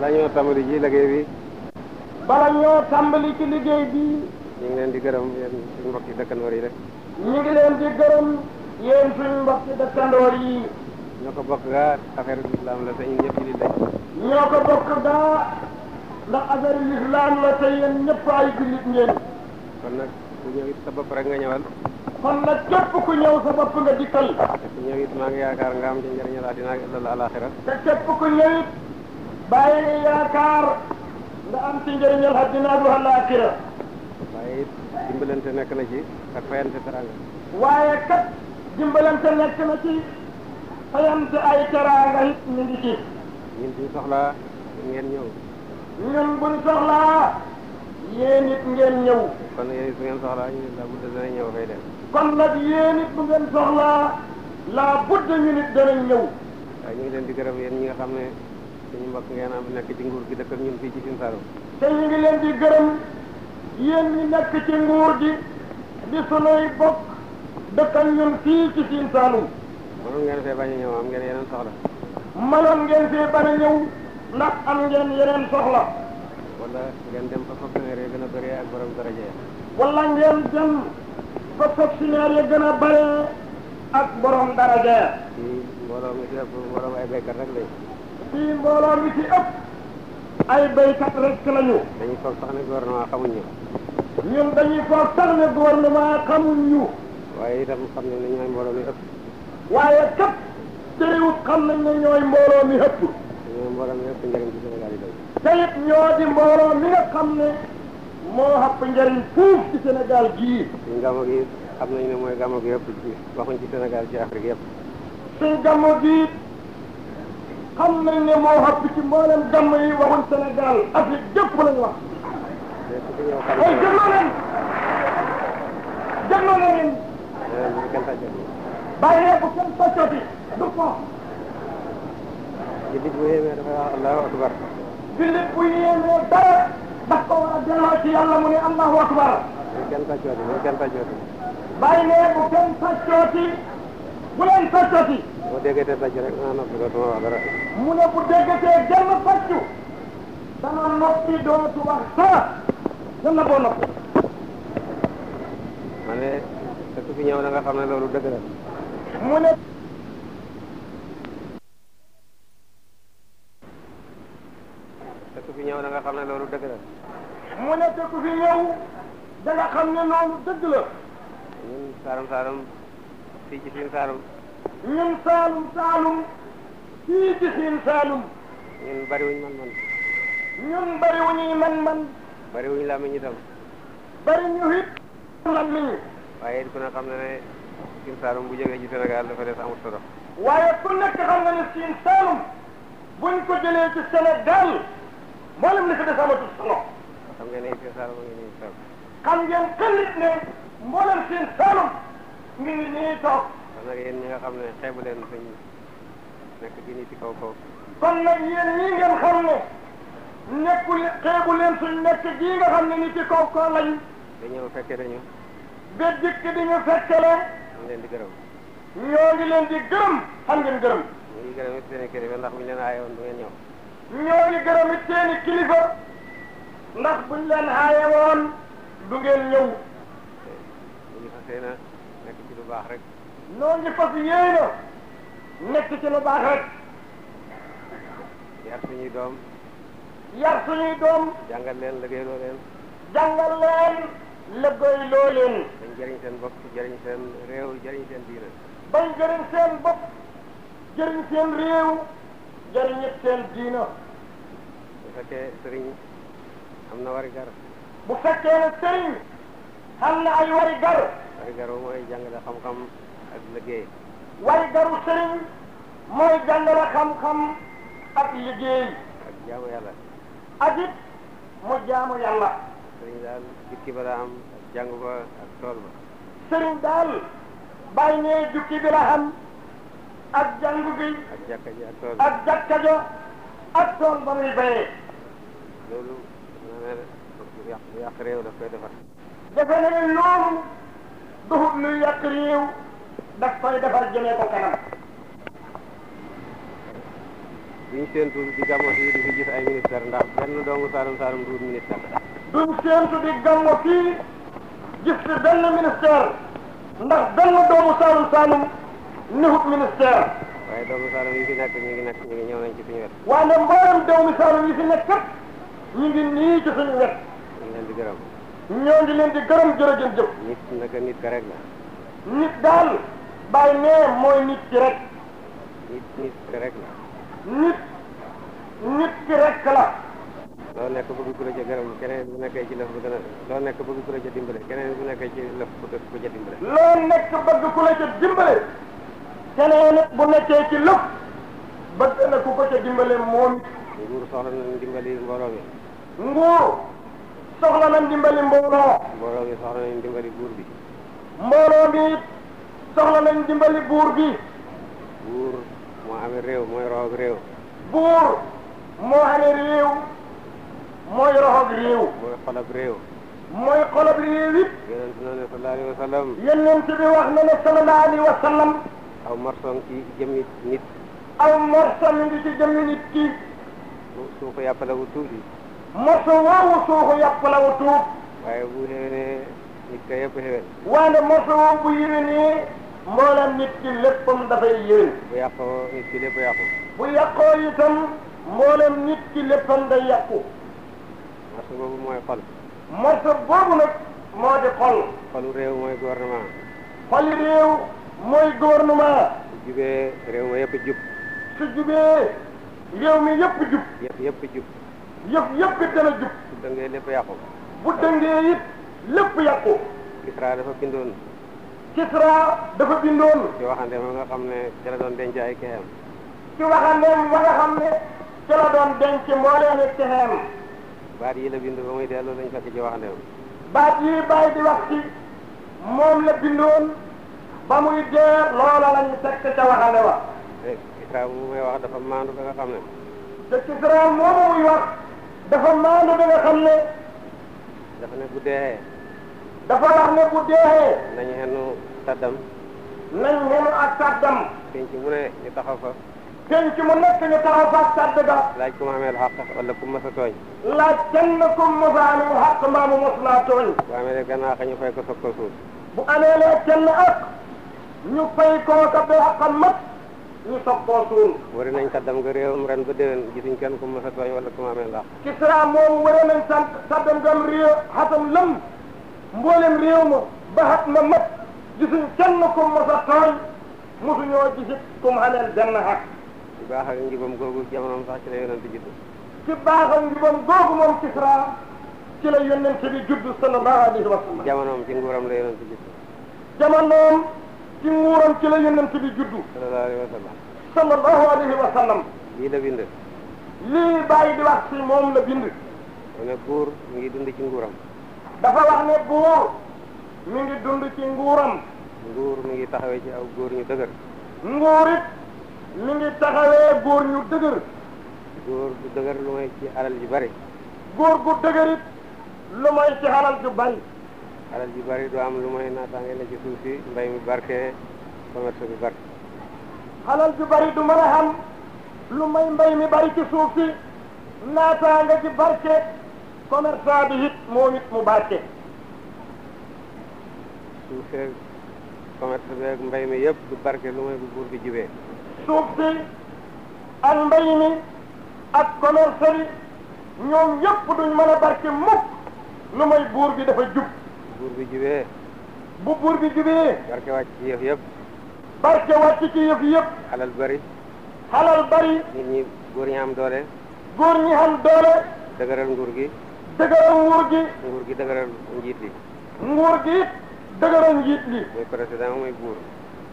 bala ñoo tàmbali ci liggéey bi bala ñoo tàmbali ci liggéey bi ñu ngi leen di gërëm yéen suñ mbok dëkkandoor yi rek ñu ngi leen di gërëm yéen suñ mbokki dëkkandoor yi ñoo ko bokk gaa affaire lislaam la te ñun ñëpp jullit lañ ñoo ko bokk gaa ndax affaire lislaam la te yéen ñëpp ay jullit ngeen kon nag ku ñëw it sa bopp rek nga ñëwal kon nag képp ku ñëw sa nga dikkal te ku ñëw it maa ngi yaakaar nga am ci njëriñal àddina ak te képp ku ñëw it bàyyi yaakaar nga am ci njëriñal àddina ak àllaaxira waaye dimbalante nekk waaye kat dimbalante nekk na ci fayante ay teraanga it ñu ngi ci ñun buñ soxlaa ngeen ñëw ñun buñ soxlaa yéen ngeen ñëw kon yéen it bu ngeen soxlaa ñu laa budd danañ ñëw fay dem kon nag yéen bu ngeen soxlaa laa budd ñu nit danañ ñëw waaye ñu ngi leen di gërëm yéen ñi nga xam ne suñu mbokk ngeen am nekk ci nguur gi dëkk ak ñun fii ci Sine Saloum. te ñu ngi leen di gërëm yéen ñi nekk ci nguur gi di sunuy bokk dëkk ak ñun fii ci Sine Saloum. mënoon ngeen fee bañ a ñëw a ñëw ndax am ngeen yeneen soxla. wala ngeen dem fa fonctionnaire yi gën a bare ak borom daraja ya. wala ngeen dem fa fonctionnaire yi gën a bëree ak borom daraja ya. mbooloo ay béykat rek lañ. fii mbooloo mi ci ëpp ay béykat rek lañu. dañuy foog sax ne gouvernement xamuñ ñu. ñun dañuy foog sax ne gouvernement xamuñ ñu. waaye itam xam nañ ne ñooy ëpp. waaye kat terewut xam nañ ne ñooy mbooloo mi ëpp. ñooy mbooloo mi ëpp njëriñ ci Sénégal yi doy. te it ñoo di mbooloo mi nga xam ne moo ëpp njëriñ fuuf ci Sénégal gii. suñ gàmmu gi xam nañ ne mooy gàmmu gi yëpp waxuñ ci Sénégal ci Afrique yëpp. suñ gàmmu gi. xam nañ ne moo xapp ci mboolem gàmm yi waxuñ Sénégal Afrique jëpp lañ wax ay dégloo leen dégloo leen bàyyee bu kenn sàccooti du ko bu yéemee dafay wax allahu akbar jullit bu yéemee dara daf ko war a delloo ci akbar bu kenn sàccooti bu kenn sàccooti bàyyee bu kenn sàccooti bu rek naa ah, noppi dootuma wax dara mu ne bu déggatee genn faccu dana noppi dootu wax dara dana boo noppi ma ne te ku fi ñëw na xam ne loolu dëgg la mu ne te ku fi ñëw na nga xam ne loolu dëgg mu ne te ku fi ñëw ne loolu dëgg ñun saalum saalum fii ci siin saalum ñun saalum saalum fii ci siin Saalum. ñun bariwuñ man-man. ñun bariwuñuy man-man. bariwuñ làmmiñ itam. bari ñu it làmmiñ. waaye it ku ne xam na ne siin Saalum bu jógee ci Sénégal dafa des amut solo. waaye nekk xam nga ne siin Saalum buñ ko jëlee ci Sénégal mboolem li fi des amatul solo. xam ngeen ne siin Saalum xam ngeen kan ne mboolem siin Saalum ngi nii toog. kon nag yéen ñi nga xam ne xeebu leen suñ. nekk gi nii ci kaw kaw. kon nag yéen ñii ngeen xam ne nekkul xeebu leen suñ nekk gii ñu xam ne ni ci kaw kaw lañ. dañoo fekke dañu. ba dikk di ñu fekke leen. ñu leen di gërëm. ñoo leen di gërëm xam ngeen gërëm. ñu ngi gërëm kilifa ndax buñ leen aayewoon du ngeen ñëw. ñoo ngi gërëm it seen kilifa ndax buñ leen aayewoon du ngeen ñëw. ñu ngi fas nekk ci lu baax rek. ñoo ngi fas yéene. nekk ci lu baax rek. yar suñuy doom. yar suñuy doom. jàngal leen liggéeyloo leen. jàngal leen liggéeyloo leen. bañ jëriñ seen bopp jëriñ seen réew jëriñ seen diina. bañ jëriñ seen bopp jëriñ seen réew jëriñ seen diina. bu fekkee sëriñ am na wari gar. bu fekkee ne sëriñ am na ay wari gar. wari gar mooy jàngale xam-xam ak waaye garu sëriñ mooy jàngale xam-xam ak liggéey. ak mu jaamu yàlla. sëriñ jukki bala am ak ba ak tool ba. sëriñ daal bàyyi ne jukki bi la am ak jàng bi. ak jàkka ja ak tool ba ak jàkka ja ak tool ba muy bayee. loolu lu daf koy defar jëmee ko kanam. duñ séentu di gàmmo fii di fi gis ay ministère ndax benn doomu Saalum Saalum du ministère. duñ séentu di gàmmo fii gis fi benn ministère ndax benn doomu Saalum Saalum newut ministère. waaye doomu Saalum yi fi nekk ñu ngi nekk ñu ngi ñëw nañ ci suñu wet. waaye nag mboolem doomu Saalum yi fi nekk kat ñu ngi nii ci suñu wet. ñu ngi leen di gërëm. ñoo ngi leen di gërëm jërëjëf. nit naka nit ka rek la. nit daal. bàyyi nee mooy nit ki rek. nit nit ki rek la. nit nit ki rek la. loo nekk bëgg ku la ca gërëm keneen bu nekkee ci lëf bu gën a loo nekk bëgg ku la ca dimbale keneen bu nekkee ci lëf bu def ku ca dimbale. loo nekk bëgg ku la ca dimbale keneen bu ci lëf bëgg na ku ko ca dimbale moom. nguur soxla na dimbali mbooloo mi. nguur soxla na dimbali buur bi. mbooloo mi. soxla nañ dimbali buur bi buur moo amee réew mooy roxoog réew buur moo amee réew mooy roxoog réew mooy xolab réew mooy xolab réew it yonent na ne sallallahu alayhi wa sallam aw marson ngi ci jëmmi nit ki suuxu yàppalawu tuuti marson woowu suuxu yàppalawu tuut waaye bu ne nit ka yëpp xéwén waaye morceau bu yéwénee mboolam nit ki léppam dafay yéwén bu yàqoo nit ki lépp yàqu bu yàqoo itam mboolam nit ki léppam day yàqu morceau boobu mooy xol morceau boobu nag moo di xol xolu réew mooy gouvernement xoli réew mooy gouvernement su jubee réew ma yëpp jub su jubee réew mi yëpp jub yëpp yëpp jub yëpp jub bu dëngee lépp yàqu bu dëngee it lépp yàqu Kisra dafa bindoon Kisra dafa bindoon ci waxande ma nga xam ne ca la doon denc ay kexeem ci waxande ma nga xam ne ca la doon denc mbooleem ak kexeem baat yi la bind ba muy delloo lañ fekk bindoon ba muy dee loola lañ fekk ca waxande wa te eh, Kisra bu wax dafa maandu ba nga xam ne te Kisra moomu muy wax dafa maandu ba nga xam ne dafa ne bu dafa wax ne bu dee. nañ xenu tàddam. nañ xenu ak tàddam. penc mu ne ñu taxaw fa. penc mu nekk ñu taxaw fa ak tàdd ga. laaj ku ma ameel xaq wala ku mës a tooñ. laaj kenn ku mës a ameel xaq maamu mës naa tooñ. bu amee na xëy ñu fay ko soog bu amee lee kenn ak ñu fay kooka ba xaqam mat ñu soog wari nañ tàddam ga réewam ren ba déwén gisuñ kenn ku mës a tooñ wala ku ma ameel xaq. Kisra moom wari nañ sant tàddam gam réew xatam mboolem réew ma baxat ma mat gisuñ kenn ku mos a tooñ mosuñoo gisit ku mu ameel benn xaq ci baax ak njubam googu jamonoom sax ci la yonent bi judd ci baax ak ci la yonent bi judd sallallahu alayhi wa sallam jamonoom ci nguuram la yonent judd jamonoom ci ci la yonent bi judd sallallahu alayhi wa sallam sallallahu alayhi wa sallam lii la bind lii bàyyi di wax moom la bind mu ne buur mu ngi dund ci dafa wax ne buur mi ngi dund ci nguuram nguur mi ngi taxawee ci aw góor ñu dëgër nguur it mi ngi taxawee góor ñu dëgër góor gu dëgër lu may ci alal yu bari góor gu dëgër it lu may ci alal ju bari alal ju bari du am lu may naataange la ci suuf mbay mi barke commerce bi barke alal ju bari du mën a xam lu may mbay mi bari ci suuf si naataange barke commerçant bi it moom it mu barke suuf seeg commerce bi ak mbay mi yëpp du barke lu may bu buur bi jibee suuf si ak mbay mi ak commerce bi ñoom yëpp duñ mën barke mukk lu may buur bi dafa jub buur bi jibee bu buur bi jibee barke wàcc ci yëf yëpp barke wàcc ci yëf yëpp xalal bari xalal bari nit ñi góor ñi am doole góor ñi am doole dëgëral nguur gi dëgëral nguur gi. nguur gi dëgëral njiit li. nguur gi it dëgëral njiit li. mooy président mooy buur.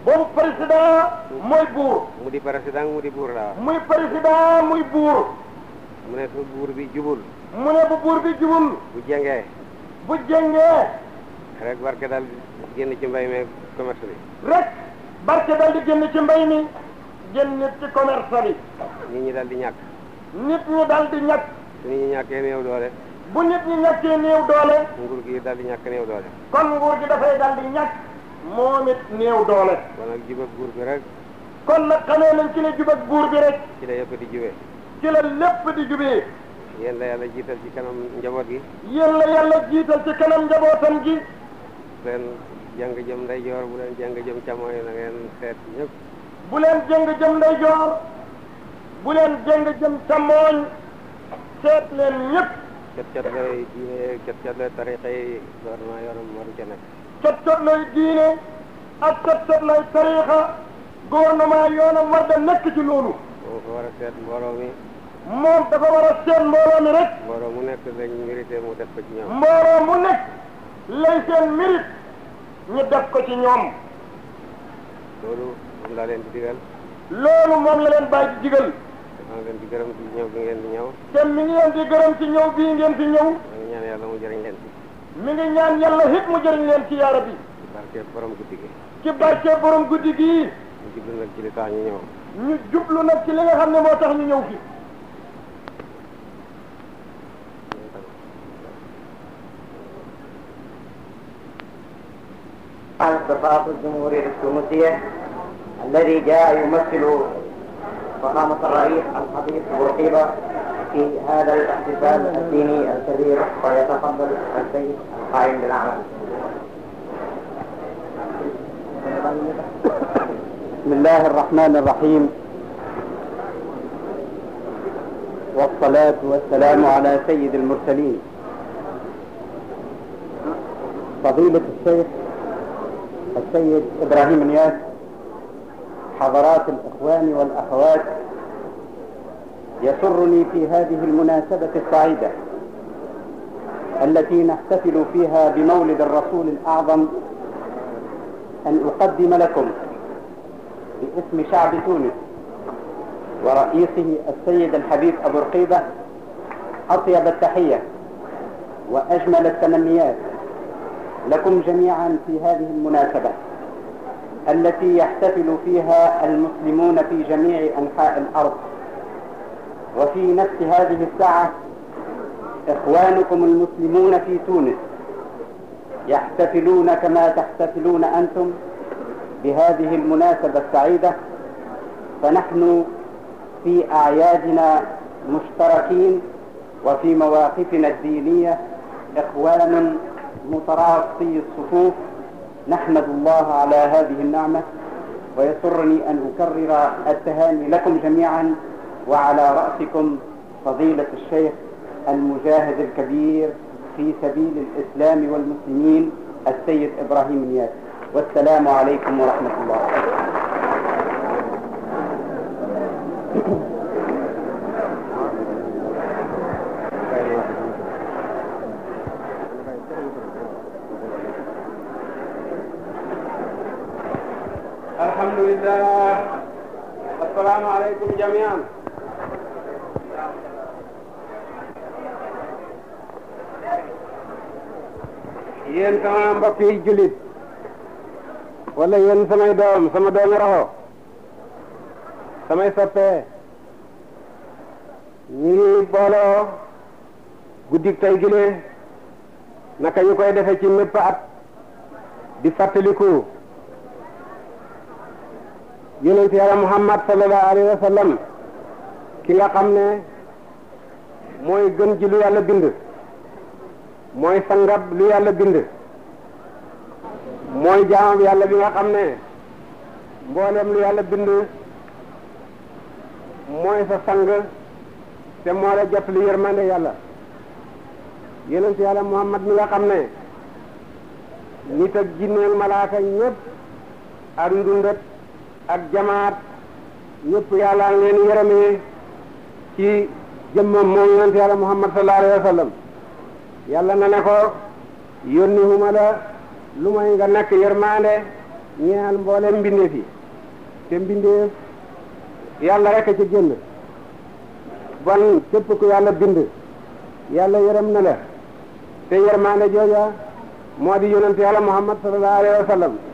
boobu président mooy buur. mu di président mu di buur laa. muy président muy buur. mu ne bu buur bi jubul. mu ne bu buur bi jubul. bu jengee. bu jengee. rek barke daal génn ci mbay mi commerce bi. rek barke daal di génn ci mbay mi génn ci commerce bi. nit ñi daal di ñàkk. nit ñi dal di ñàkk. su nit ñi ñàkkee néew doole. bu nit ñi ñàkkee néew doole. nguur gi daal di ñàkk néew doole. kon nguur gi dafay daal ñàkk. moom it néew doole. kon nag jub buur bi rek. kon nag xamee nañ ci la jub ak buur bi rek. ci la yëpp di jubee. ci la lépp di jubee. yéen la yàlla jiital ci kanam njaboot gi. yéen la yàlla jiital ci kanam njabootam gi. seen jëm ndeyjoor bu leen jàng jëm càmmoñ na bu leen jàng jëm ndeyjoor bu leen jàng jëm càmmoñ seet leen ñëpp. cot-cot lay diine cot-cot lay tariqa yi gouvernement yoonam ca nekk. cot-cot lay diine ak cot-cot lay tariqa gouvernement war da nekk ci loolu. moo ko war a seet mbooloo mi. moom dafa war a seet mbooloo mi rek. mbooloo mu nekk mu def ko ci ñoom. mbooloo mu lay seen mérite ñu def ko ci ñoom. loolu moom laa leen di digal. loolu moom la leen bàyyi di digal. maa ngi leen di gërëm ci ñëw bi ngeen di ñëw. te mi ngi leen di gërëm ci ñëw bii ngeen di ñëw. mi ngi ñaan yàlla mu jëriñ leen ci. mi ngi ñaan yàlla it mu jëriñ leen ci yaara bi. ci barke borom guddi gi. ci barke borom guddi gi. ñu jublu nag ci li tax ñu ñëw. ñu jublu nag ci li nga xam ne moo tax ñu ñëw fi. الخطاب الجمهوري التونسية الذي جاء يمثل فقامت الرئيس الخطيب وقيل في هذا الاحتفال الديني الكبير ويتقبل السيد القائم بالعمل. بسم الله الرحمن الرحيم والصلاة والسلام على سيد المرسلين فضيلة الشيخ السيد إبراهيم نياس حضرات الإخوان والأخوات يسرني في هذه المناسبة الصعيدة التي نحتفل فيها بمولد الرسول الأعظم أن أقدم لكم باسم شعب تونس ورئيسه السيد الحبيب أبو رقيبة أطيب التحية وأجمل التمنيات لكم جميعا في هذه المناسبة التي يحتفل فيها المسلمون في جميع أنحاء الأرض وفي نفس هذه الساعة إخوانكم المسلمون في تونس يحتفلون كما تحتفلون أنتم بهذه المناسبة السعيدة فنحن في أعيادنا مشتركين وفي مواقفنا الدينية إخوان متراصي الصفوف نحمد الله على هذه النعمة ويسرني أن أكرر التهاني لكم جميعا وعلى رأسكم فضيلة الشيخ المجاهد الكبير في سبيل الإسلام والمسلمين السيد إبراهيم نياس والسلام عليكم ورحمة الله alhamdulillah assalaamu aleykum jamian yéen sama mbokk yi jullit wala yéen samay doom sama doomi raxo samay soppee ñu ngi booloo guddik tey gile naka ñu koy defe ci mépp at di fàttaliku yonent yàlla muhammad sallallahu alayhi ki nga xam ne mooy gën ji lu yàlla bind mooy sangab lu yàlla bind mooy jaamam yàlla bi nga xam ne mboolem lu yàlla bind mooy sa sang te moo la jot li yërmande yàlla yonent yàlla muhammad mi nga xam ne nit ak jinneel malaaka ñépp ak ndundat ak jamaat ñëpp yàlla leen yërëmee ci jëmmam moom yonent yàlla muhammad sallallahu alayhi wa sallam na ne ko yónni huma la lu may nga nekk yërmaande ñeel mboolem mbindeef yi te mbindeef yàlla rek a ci génn bon képp ku yàlla bind yàlla yërëm na la te yërmaande jooja moo di yonent yàlla muhammad sallallahu alayhi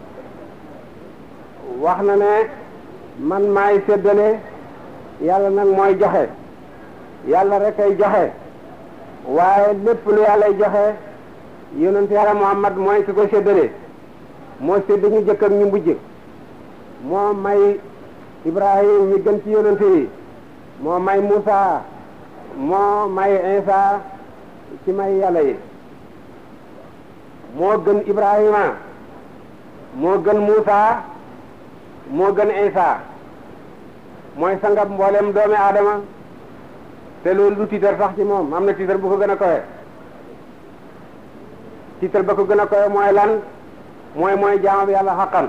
wax na ne man maay séddale yàlla nag mooy joxe yàlla rek ay joxe waaye lépp lu yàllay joxe yonent yàlla Muhammad mooy ki ko séddale moo sédd ñu jëkk ak ñu mujj moo may Ibrahim mi gën ci yonent yi moo may Muusa moo may Isa ci may yàlla yi moo gën Ibrahima moo gën Muusa moo gën Isa mooy sangab mboolem doomi aadama te loolu du tiitar sax ci moom am na tiitar bu ko gën a kowe tiitar ba ko gën a kowe mooy lan mooy mooy jaamab yàlla xaqan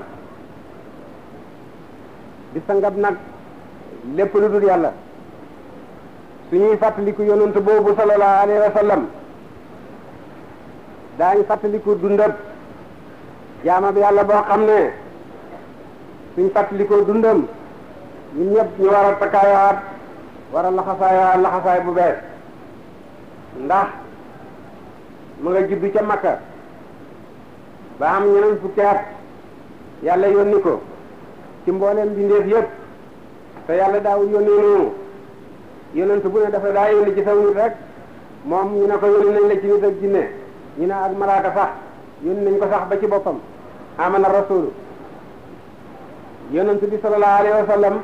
di sangab nag lépp lu dul yàlla su ñuy fàttaliku yonent boobu sallallahu alayhi wa sallam daañ fàttaliku dundab jaamab yàlla boo xam ne suñ fàttalikoo dundam ñun ñëpp ñu war a takkaayaat war laxasaayaat bu bees ndax mu nga juddu ca Makka ba am ñeneen fukki at yàlla yónni ko ci mbooleem mbindeef yëpp te yàlla daaw yónni noonu yonent bu ne dafa daa yónni ci saw nit rek moom ñu ne ko yónni nañ la ci nit ak jinne ñu ne ak sax yónni nañ ko sax ba ci boppam amana rasulu yonent bi sallallahu alayhi wa sallam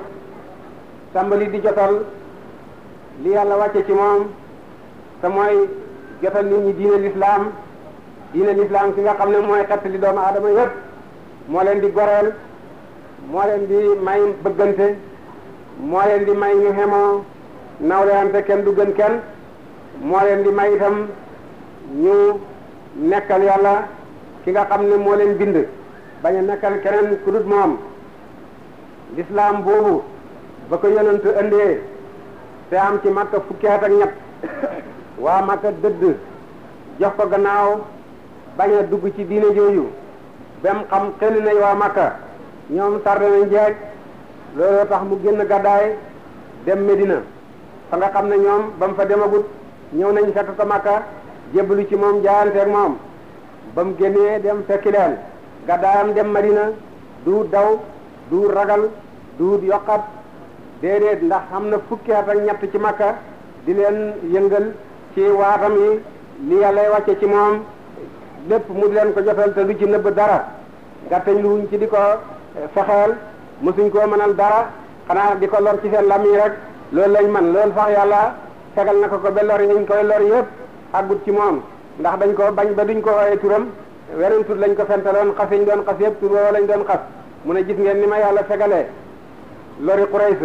tàmbali di jotal li yàlla wàcce ci moom te mooy jotal nit ñi diine lislaam diine lislaam ki nga xam ne mooy xett li doomu aadama yépp moo leen di goreel moo leen di may bëggante moo leen di may ñu xemoo nawleante kenn du gën kenn moo leen di may itam ñu nekkal yàlla ki nga xam ne moo leen bind bañ a nekkal keneen ku dut moom l'islam boobu ba ko yonent indee te am ci Makka fukki at ak ñett waa Makka dëdd jox ko gannaaw bañ dugg ci diine jooju ba mu xam xel nañ waa Makka ñoom tardé nañ jeej looloo tax mu génn gàddaay dem Medina fa nga xam ne ñoom ba mu fa demagut ñëw nañ fekk ko Makka jébbalu ci moom jaayanteeg moom ba mu génnee dem fekki leen gàddaayam dem Medina du daw du ragal du yokkat déedéet ndax am na fukki at ak ñett ci makka di leen yëngal ci waatam yi li yàlla wàcce ci moom lépp mu leen ko jotal te du ci nëbb dara gàttañ lu wuñ ci di ko eh, fexeel mosuñ koo mënal dara xanaa di ko lor ci seen lam yi rek loolu lañ man loolu sax yàlla fegal na ko ko ba lor ñu koy lor yëpp àggut ci moom ndax dañ ko bañ ba duñ ko ooyee turam weneen tur lañ ko fentaloon xas yañ doon xas yëpp tur woo lañ doon xas mu ne gis ngeen li ma yàlla fegalee lori Quraysh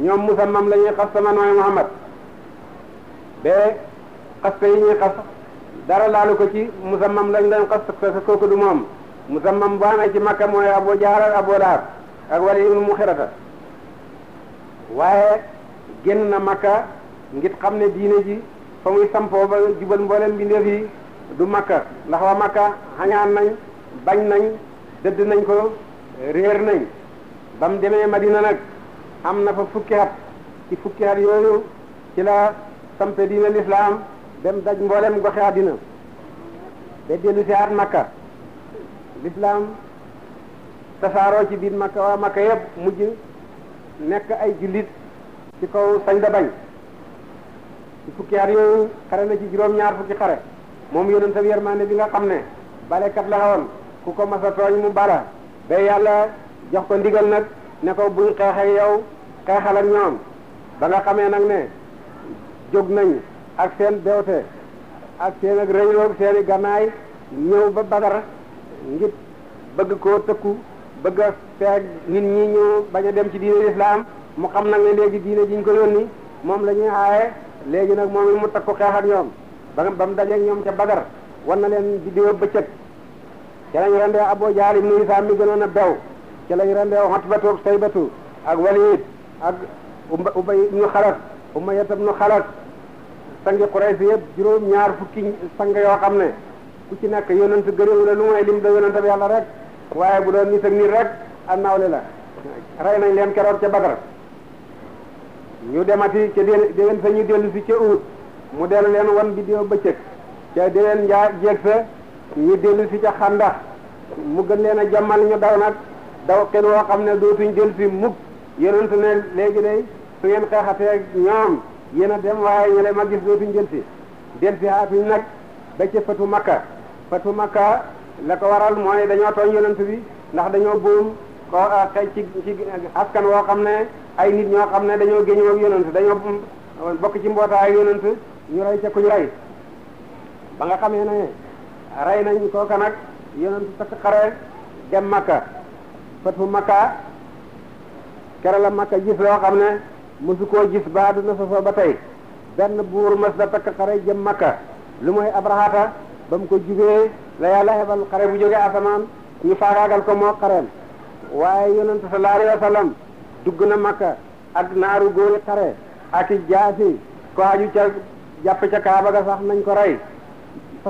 ñoom musammam la ñuy xas sama nooy Muhammad be xaste yi ñuy xas dara laalu ko ci musammam lañ leen xas parce que kooku du moom musammam ba amee ci Makka mooy Abu Jahl Abu Lahab ak Walid ibn Mughirata waaye génn na Makka ngir xam ne diine ji fa muy sampoo ba jubal mboolem mbindeef yi du Makka ndax waa Makka xañaan nañ bañ nañ dëdd nañ ko réer nañ ba mu demee Madina nag am na fa fukki at ci fukki at yooyu ci la sampe diina lislaam dem daj mboolem goxe àddina te dellu si at Makka lislaam tasaaroo ci biir Makka waa Makka yëpp mujj nekk ay jullit ci kaw sañ da bañ ci fukki at yooyu xare na ci juróom-ñaar fukki xare moom yonentam yermande bi nga xam ne balekat la woon ku ko mas a mu bala ba yàlla jox ko ndigal nag ne ko buñ xeex ak yow xeexal ak ñoom ba nga xamee nag ne jóg nañ ak seen bewte ak seen ak rëyloog seen i gannaay ñëw ba Badar ngir bëgg koo tëkku bëgg a feeg nit ñi ñu bañ a dem ci diine lislaam mu xam nag ne léegi diine jiñ ko yónni moom la ñuy aaye léegi nag moom mu takku xeex ak ñoom ba ba mu dajeeg ñoom ca Badar war na leen di bëccëg ca lañ rendee Abu Jahl ibnu Hisaam mi gënoon a bew ca lañ rendee Utbatu ak Saybatu ak Walid ak Ubay ibnu Xalaf Umayya ibnu Xalaf sangi Quraysh yëpp juróom ñaar fukki sang yoo xam ne ku ci nekk yonent gëréewu la lu mooy lim da yonent yàlla rek waaye bu doon nit ak nit rek am nawle la rey nañ leen keroog ca Badar ñu demati ca déwén sa ñu dellu si ca uut mu dellu leen wan di diwa bëccëg ca déwén njaa jeeg sa ñu dellu si ca xandax mu gën leen a jàmmal ñu daw nag daw kenn woo xam ne dootuñ jël si mukk yonent ne léegi day su ngeen xeexatee ñoom yéen a dem waaye ñu ne ma gis dootuñ jël si del si haatuñ nag ba ca fatu makka fatu makka la ko waral mooy dañoo tooñ yonent bi ndax dañoo buum ko ah, xëy ci ci askan woo xam ne ay nit ñoo xam ne dañoo géñoo ak yonent dañoo bokk ci mbootaayu yonent ñu rey ca ku rey ba nga xamee ne rey nañ kooka nag yonent takk xare dem makka fatu makka kere la makka gis loo xam ne mosu ko gis ba dina sosoo ba tey benn buur mas da takk xare jëm makka lu mooy abrahata ba mu ko jubee la yàlla hebal xare bu jógee asamaan ñu faagaagal ko moo xareem waaye yonent sallallahu alayhi wa sallam dugg na makka ak naaru góori xare ak i jaasi ko aju ca jàpp ca kaaba ga sax nañ ko rey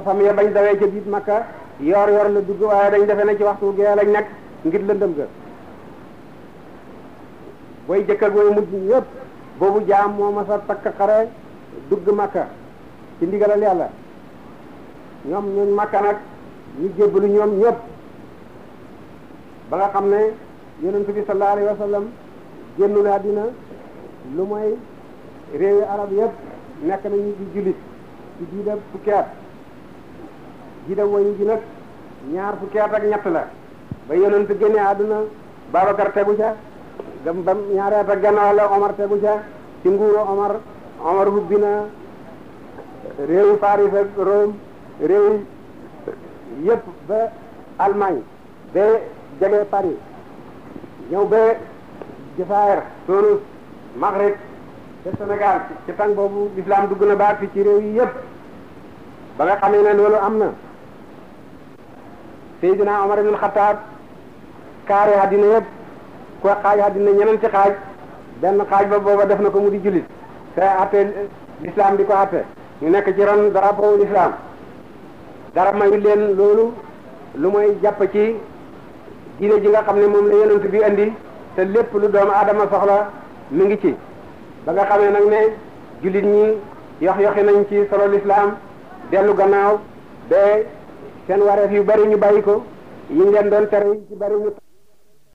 fam ya bañ dawee jëb it makka yor yor la dugg waaye dañ defee ne ci waxtu gee lañ nekk ngir lëndëm ga booy jëkk ak booy mujj yëpp boobu jaam moo ma sa takk xare dugg makka ci ndigalal yàlla ñoom ñooñ makka nag ñu jébbalu ñoom ñëpp ba nga xam ne yonent bi sallallahu alayhi wa sallam génnu na lu mooy réewi arab yëpp nekk nañu di jullit ci diina fukki at gida wayu ji nag ñaar fukki at ak ñett la ba yonent génne àdduna Babacar tegu ca gam bam ñaari at ak gannaaw la Omar tegu ca ci nguuru Omar Omar hubbi na réewu Paris ak Rome réew yëpp ba Allemagne ba jege Paris ñëw ba Jasaayir Tunis Maghreb te Sénégal ci tàng boobu l'islam dugg na baat fi ci réew yi yëpp ba nga xamee ne loolu am na Seydina Omar ibn Khattab kaare àddina yëpp ko xaaj àddina ñeneen ci xaaj benn xaaj ba booba def na ko mu di jullit te atte l'islam di ko atte ñu nekk ci ron drapeau l'islam dara mayu leen loolu lu mooy jàpp ci diine ji nga xam ne moom la yonent bi indi te lépp lu doomu aadama soxla mu ngi ci ba nga nag ne jullit ñi yox yoxi nañ ci solo l'islam dellu gannaaw ba seen wareef yu bari ñu bàyyi ko yiñ leen doon tere yi ci bari